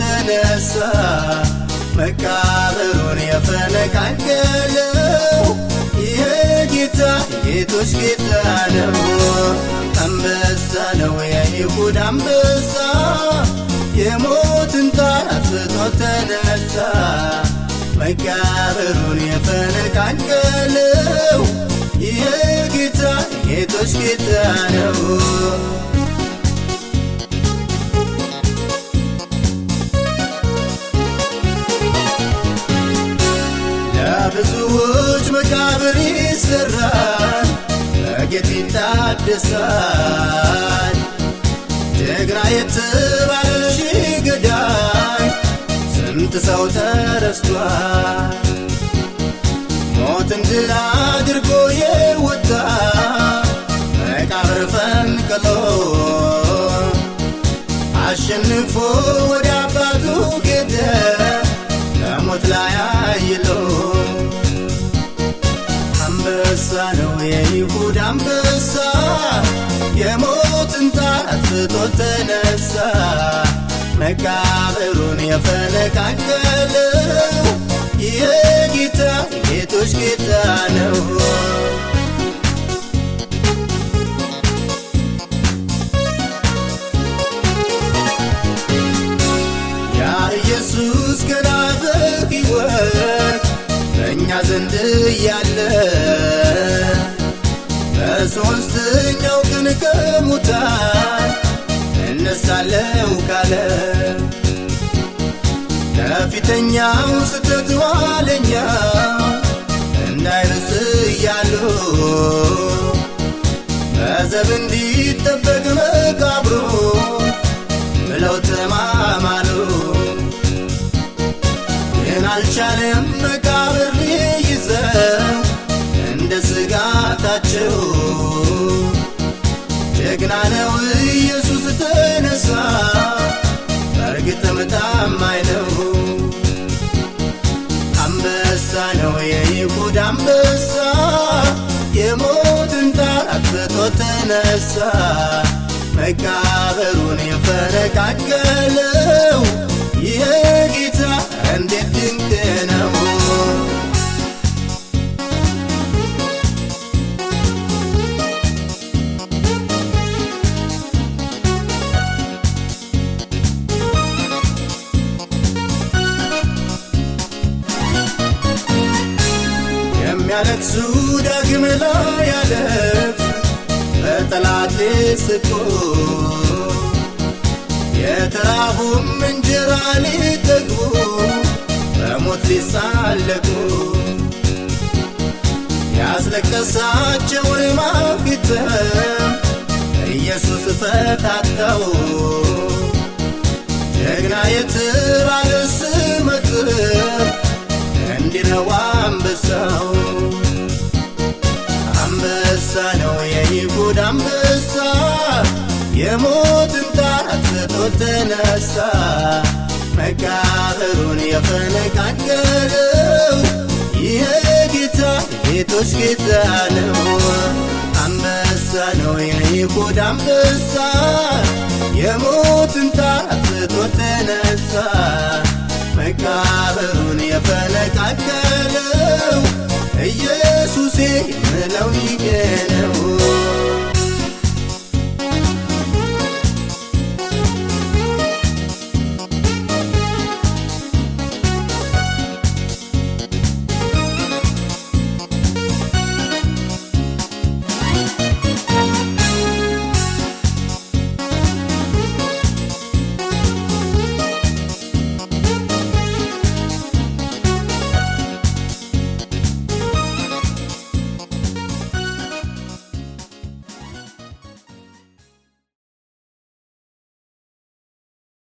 የተነሳ መቃብሩን የፈነቃገለው ይህ ጌታ ጌቶች ጌታ ነው። አንበሳ ነው የይሁዳ አንበሳ የሞትን ጣር አጥፍቶ ተነሳ። መቃብሩን የፈነቃገለው ይህ ጌቶች ጌታ ነው። መቃብር ይሰራል፣ ለጌት ይታደሳል። ጀግና የተባለሽ ገዳይ ስንት ሰው ተረስቷል። ሞትን ድል አድርጎ የወጣ መቃብር ፈንቅሎ አሸንፎ የይሁዳ አንበሳ የሞትን ጣራት ተነሳ። መቃብሩን የፈነቃቀለ የጌታ የጌቶች ጌታ ነው። ካለ ከፊተኛው ስተት ዋለኛ እንዳይርስ እያሉ በዘብ እንዲጠበቅ መቃብሩ ብለው ተማማሉ ግን አልቻለም አንተም ታማኝ ነው። አንበሳ ነው የይሁዳ አንበሳ የሞትን ጣር አጥፍቶ ተነሳ። መቃብሩን የፈነቃቀለው ይሄ የሚያለቅሱ ዳግም ላይ ስቆ የተራቡም እንጀራ ሊጠግቡ በሞት ሊሳለቁ ያስለቀሳቸውን ኢየሱስ ፈታተው አንበሳ ነው የይሁዳ አንበሳ የሞትን ጣራት ስቶ ተነሳ መቃብሩን የፈነቃቀለው ይህ ጌታ ጌቶች ጌታ ነው አንበሳ ነው የይሁዳ አንበሳ የሞትን ጣራት ስቶ ተነሳ መቃብሩን የፈነቃቀለው ኢየሱሴ lonely again.